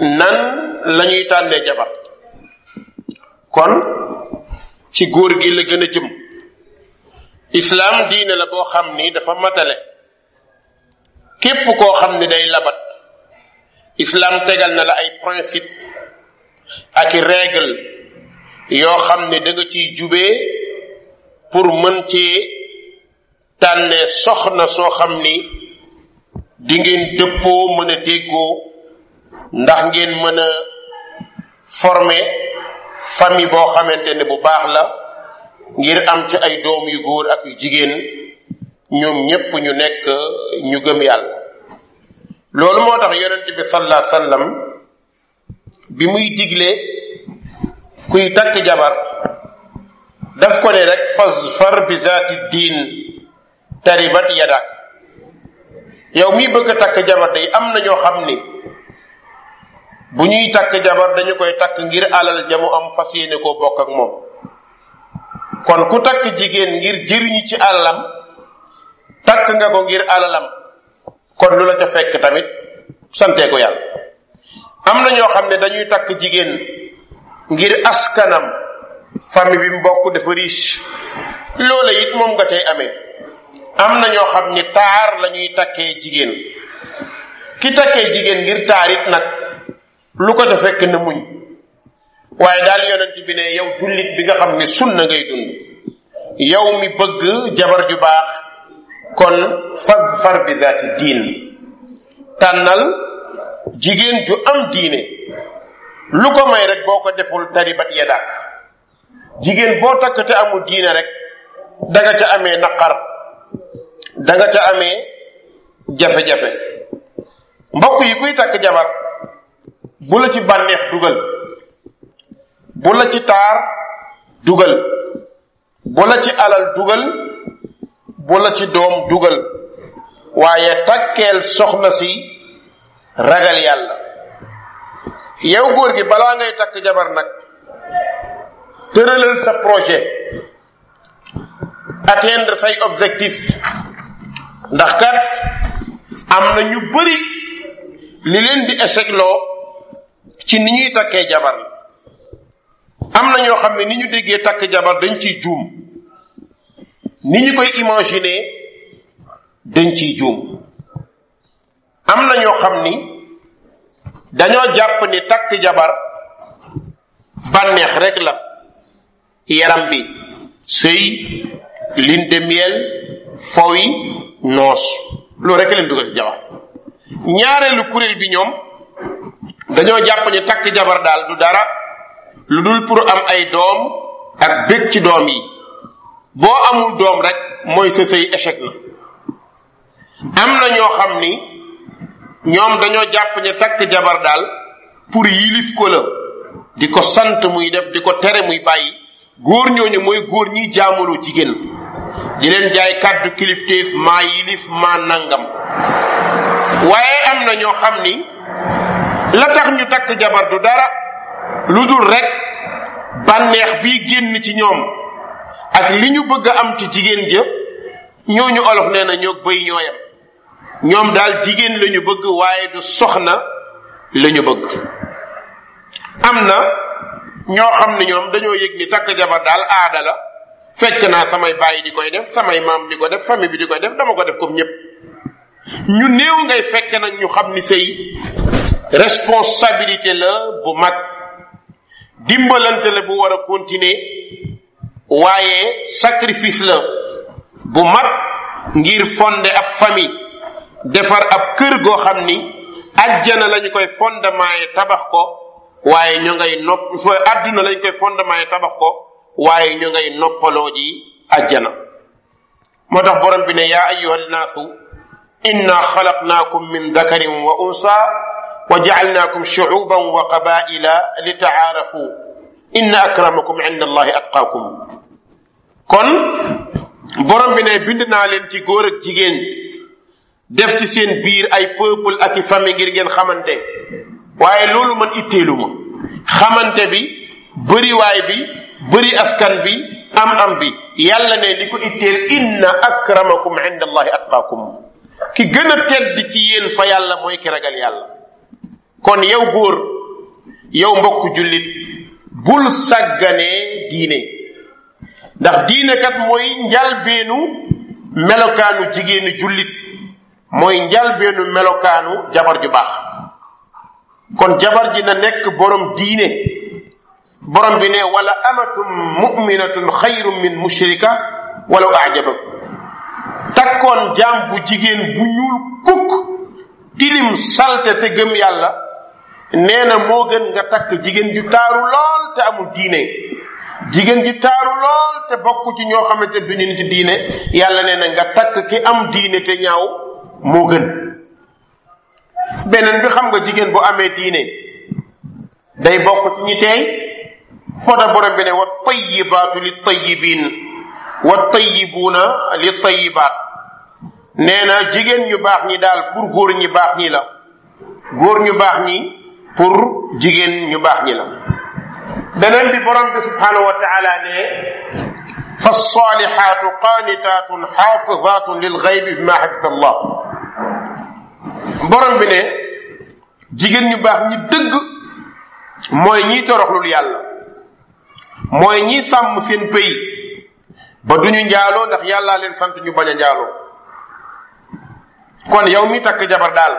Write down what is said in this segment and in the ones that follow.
nan lañuy tànnee jabar kon ci góor gi la gën a jëm islaam diine la boo xam ni dafa matale képp koo xam ni day labat islaam tegal na la ay principe ak i yoo xam ni danga nga ciy jubee pour mën cee tànnee soxna soo xam ni di ngeen dëppoo mën a déggoo ndax ngeen mën a former famille boo xamante ne bu baax la ngir am ci ay doom yu góor ak yu jigéen ñoom ñépp ñu nekk ñu gëm yàlla loolu moo tax yonent bi sallallahu alayhi wasallam bi muy digle kuy takk jabar daf ko ne rek fasfar bi zaati diin taribat yadak yow miy bëgg a takk jabar day am na ñoo xam ni bu ñuy takk jabar dañu koy takk ngir alal jamu am fas yéene ko bokk ak moom kon ku takk jigéen ngir jëriñu ci alalam takk nga ko ngir alalam kon lu la ca fekk tamit santee ko yàlla am na ñoo xam ne dañuy takk jigéen ngir askanam famille bi mu bokk dafa riche loola it moom nga cay amee am na ñoo xam ni taar la ñuy takkee jigéen ki takkee jigéen ngir taarit nag lu ko ca fekk na muñ waaye daal yonent bi ne yow jullit bi nga xam ne sunna ngay dund yow mi bëgg jabar ju baax kon fag far bi diin tànnal jigéen ju am diine lu ko may rek boo ko deful taribat yadak jigéen boo takk te amul diine rek da nga ca amee naqar danga nga ca amee jafe-jafe mbokk yi kuy takk jabar bu la ci bànneex dugal bu la ci taar dugal bu la ci alal dugal bu la ci doom dugal waaye takkeel soxna si ragal yàlla yow góor gi balaa ngay takk jabar nag tëralal sa projet atteindre say objectif ndax kat am na ñu bari li leen di échec ci ni ñuy takkee jabar am na ñoo xam ne ni ñu déggee takk jabar dañ ci juum ni ñu koy imaginer dañ ci juum am na ñoo xam ni dañoo jàpp ni takk jabar bànneex rek la yaram bi sëy lune de miel noos loolu rek leen dugal ci jabar ñaareelu kuréel bi ñoom dañoo jàpp ni takk jabar daal du dara lu dul pour am ay doom ak bég ci doom yi boo amul doom rek mooy sa sëy échec am na ñoo xam ni ñoom dañoo jàpp ni takk jabar daal pour yilif ko la di ko sant muy def di ko tere muy bàyyi góor ñooñu mooy góor ñiy jaamaloo jigéen di leen jaay kàddu kilifteef maa yilif maa nangam waaye am na ñoo xam ni la tax ñu takk jabar du dara lu dul rekk bànneex bi génn ci ñoom ak li ñu bëgg am ci jigéen ja jë ñu olof nee na ñoo bëy ñooyam ñoom daal jigéen la bëgg waaye du soxna la ñu bëgg am na ñoo xam ne ñoom dañoo yëg ni takk jabar daal aada la fekk naa samay bàyyi di koy def samay maam di ko def famille bi di koy def dama ko def comme ñëpp ñu néew ngay fekk nag ñu xam ni sëy responsabilité la bu mag dimbalante la bu war a continuer waaye sacrifice la bu mag ngir fonder ab famille defar ab kër goo xam ni ajjana lañu koy fondement tabax ko waaye ñu ngay nopp fa àdduna lañu koy fondement tabax ko waaye ñu ngay noppaloo ji ajjana moo tax borom bi ne yaa ayyuhan naasu إنا خلقناكم من ذكر وأنثى وجعلناكم شعوبا وقبائل لتعارفوا إن أكرمكم عند الله أتقاكم kon borom bi ne bind naa leen ci góor ak jigéen def ci seen biir ay peuple ak i famille ngir ngeen xamante waaye loolu man itteelu ma xamante bi bëriwaay bi bëri askan bi am am bi yàlla ne li ko itteel inna akramakum inda allahi atqaakum ki gën a tedd ci yéen fa yàlla mooy ki ragal yàlla kon yow góor yow mbokk jullit bul sàgganee diine ndax diine kat mooy njalbeenu melokaanu jigéenu jullit mooy njalbeenu melokaanu jabar ju baax kon jabar ji na nekk boroom diine borom bi ne wala amatum muminatun xayrun min mushrika walaw ajabakum takkoon jaam bu jigéen bu ñuul kukk tilim salte te gëm yàlla nee na moo gën nga takk jigéen ju taaru lool te amul diine jigéen ji taaru lool te bokk ci ñoo xamante du ñu ci diine yàlla nee na nga takk ki am diine te ñaaw moo gën beneen bi xam nga jigéen bu amee diine day bokk ci ñi teey fota borom bi ne wa tayyibaatu li tayyibiin wa tayyibuuna li tayyibaat nee na jigéen ñu baax ñi daal pour góor ñu baax ñi la góor ñu baax ñi pour jigéen ñu baax ñi la beneen bi borom bi subhanahu wa taala ne فالصالحات قانتات حافظات للغيب بما حفظ الله borom bi ne jigéen ñu baax ñi dëgg mooy ñiy toroxlul yàlla mooy ñiy sàmm seen pays ba duñu njaaloo ndax yàllaa leen sant ñu bañ a njaaloo kon yow mi takk jabar daal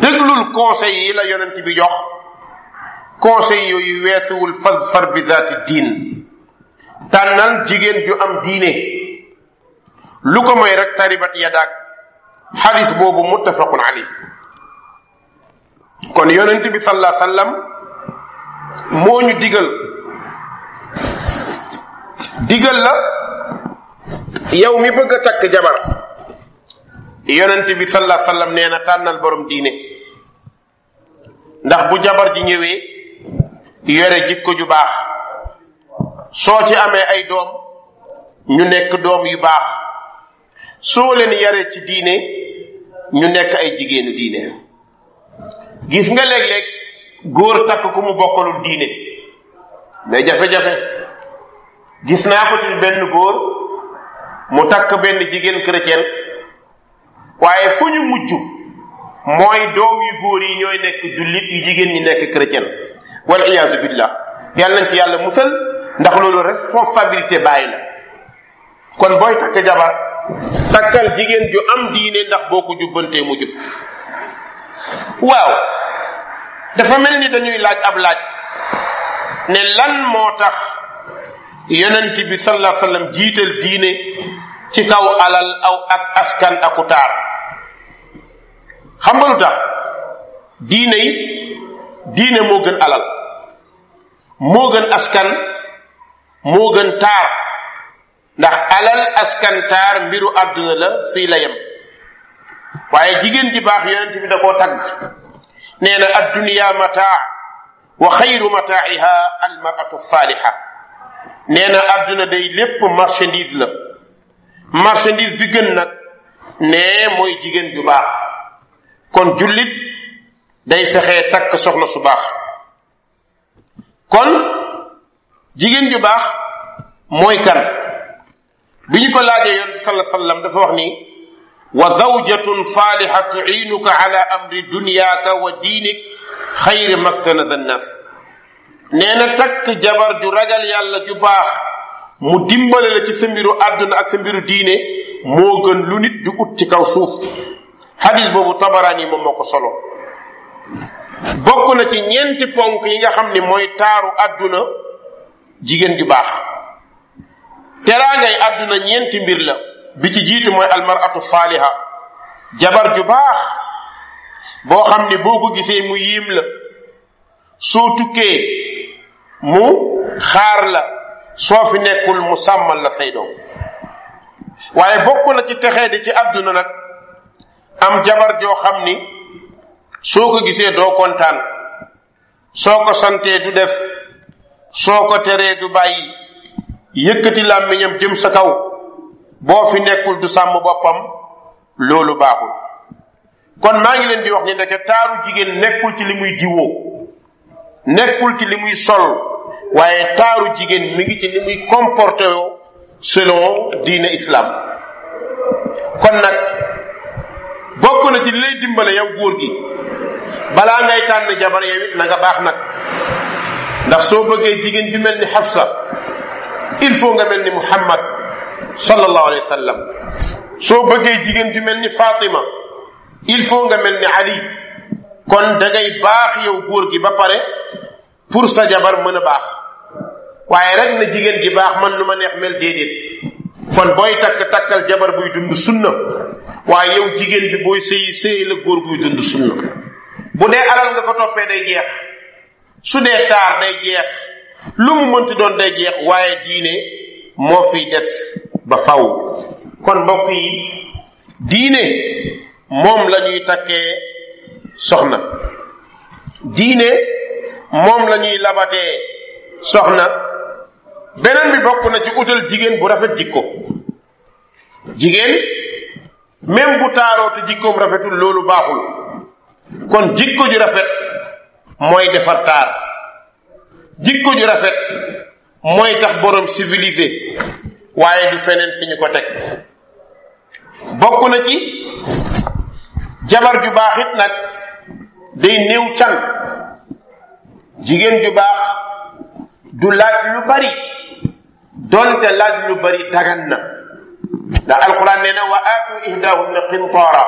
déglul conseil yi la yonent bi jox conseil yooyu weesuwul fazfar bi zaati diin jigéen ju am diine lu ko mooy rek taribat yadaak xadis boobu muttafaqun ali kon yonent bi sallallahu alayhi moo ñu digal digal na yow mi bëgg a takk jabar yonent bi sallallahu alayhi wasallam nee na tànnal borom diine ndax bu jabar ji ñëwee yore jikko ju baax soo ci amee ay doom ñu nekk doom yu baax soo leen yare ci diine ñu nekk ay jigéenu diine gis nga léeg-léeg góor takk ku mu bokkalul diine mais jafe-jafe gis naa ko ci benn góor mu takk benn jigéen chrétienne waaye fu ñu mujj mooy doom yu góor yi ñooy nekk jullit yu jigéen ñi nekk chrétienne wal iyaazu billah yal nañ ci yàlla musal ndax loolu responsabilité bàyyi la kon booy takk jabar takkal jigéen ju am diine ndax boo ko jubbantee mu jub waaw dafa mel ni dañuy laaj ab laaj ne lan moo tax yonent bi sallallahu alayhi wasallam jiital diine ci kaw alal aw ak askan aku taar xam nga lu tax diine yi diine moo gën alal moo gën askan moo gën taar ndax alal askan taar mbiru àdduna la fii la yem waaye jigéen ji baax yonent bi da koo tagg nee na adduniya mataa wa xayru mataa'iha almar'atu saaliha nee aduna day lépp marchandise la marchandise bi gën nag ne mooy jigéen ju baax kon jullit day fexe takk soxna su baax kon jigéen ju baax mooy kan bi ñu ko laajee yoon bi sala sallam dafa wax ni wa zawjatun faaliha tuiinuka ala amri dunyaaka wa diinik xayri maktana nnas nee na takk jabar ju ragal yàlla ju baax mu dimbale la ci sa mbiru àdduna ak sa mbiru diine moo gën lu nit di ut ci kaw suuf xadis boobu tabaraan yi moom moo ko solo bokk na ci ñeenti ponk yi nga xam ni mooy taaru àdduna jigéen ju baax teraangay àdduna ñeenti mbir la bi ci jiitu mooy almaratu saaliha jabar ju baax boo xam ni boo gisee mu yiim la soo tukkee mu xaar la soo fi nekkul mu sàmmal la say waaye bokk na ci texe di ci àdduna nag am jabar joo xam ni soo ko gisee doo kontaan soo ko santee du def soo ko teree du bàyyi yëkkati làmmiñam jëm sa kaw boo fi nekkul du sàmm boppam loolu baaxul kon maa ngi leen di wax ni ndeke taaru jigéen nekkul ci li muy diwoo nekkul ci limuy sol waaye taaru jigéen mi ngi ci limuy muy comporté yoo selon diine islam kon nag bokk na ci lay dimbale yow góor gi bala ngay tànn jabar yow it na nga baax nag ndax soo bëggee jigéen ju mel ni xafsa il faut nga mel ni muhammad sallallahu alayhi wa sallam soo bëggee jigéen ju mel ni fatima il faut nga mel ni ali kon da ngay baax yow góor gi ba pare pour sa jabar mën a baax waaye rek na jigéen ji baax man lu ma neex mel déedéet kon booy takk takkal jabar buy dund sunna waaye yow jigéen bi booy sëy sëy la góor guy dund sunna bu dee alal dafa ko toppee day jeex su dee taar day jeex lu mu mënti doon day jeex waaye diine moo fiy des ba faw kon mbokk yi diine moom la ñuy takkee soxna diine moom lañuy ñuy labatee soxna beneen bi bokk na ci utal jigéen bu rafet jikko jigéen même bu taaroo te jikkoom rafetul loolu baaxul kon jikko ju rafet mooy defar taar jikko ju rafet mooy tax boroom civilisé waaye du feneen fi ñu ko teg bokk na ci jabar ju baaxit nag day néew can jigéen ju baax du laaj lu bari donte laaj lu bari dagan na ndax alquran nee wa atu ihdahunna qintaara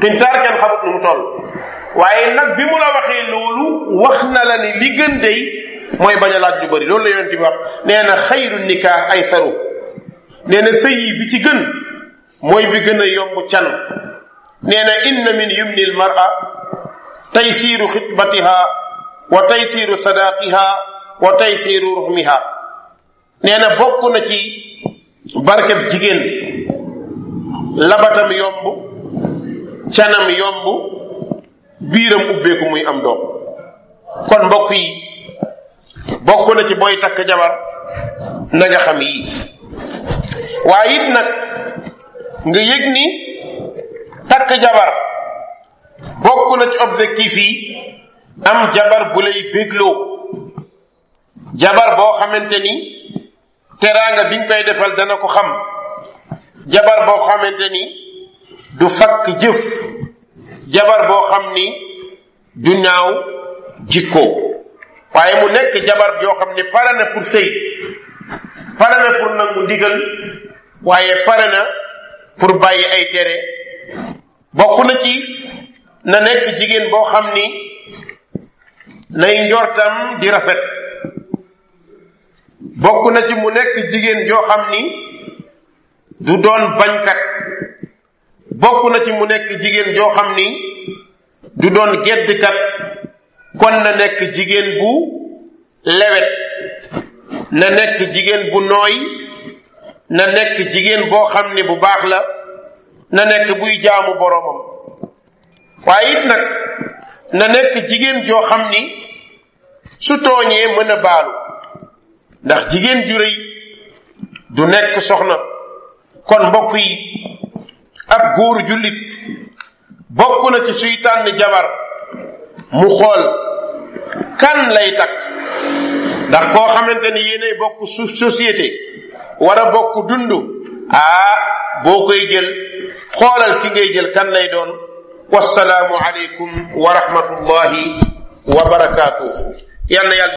qintaar kenn xamut nu mu toll waaye nag bi mu la waxee loolu wax na la ni li gën day mooy bañ a laaj lu bari loolu la yonent bi wax nee na xayru nikah ay saru nee na sëyi bi ci gën mooy bi gën a yomb can nee na inna min yumni al taysiru xitbatiha wa taysiru sadaqiha wa taysiru ruhmiha nee na bokk na ci barkeb jigéen labatam yomb canam yomb biiram ubbeeku muy am doom kon mbokk yi bokk na ci booy takk jabar na xam yi waaye it nag nga yëg ni takk jabar bokk na ci objectif yi am jabar bu lay bégloo jabar boo xamante ni teraanga biñ koy defal dana ko xam jabar boo xamante ni du fakk jëf jabar boo xam ni du ñaaw jikkoo waaye mu nekk jabar joo xam ni pare na pour sëy pare na pour nangu ndigal waaye pare na pour bàyyi ay tere bokk na ci na nekk jigéen boo xam ni nay njortam di rafet bokk na ci mu nekk jigéen joo xam ni du doon bañkat bokk na ci mu nekk jigéen joo xam ni du doon geddkat kon na nekk jigéen bu lewet na nekk jigéen bu nooy na nekk jigéen boo xam ni bu baax la na nekk buy jaamu boroomam waaye it nag na nekk jigéen joo xam ni su tooñee mën a baalu ndax jigéen ju du nekk soxna kon mbokk yi ab góor jullit bokk na ci suy tànn jabar mu xool kan lay takk ndax koo xamante ni yéenay bokk su société war bokk dund ah boo koy jël xoolal ki ngay jël kan lay doon والسلام عليكم ورحمة الله وبركاته يلا يلا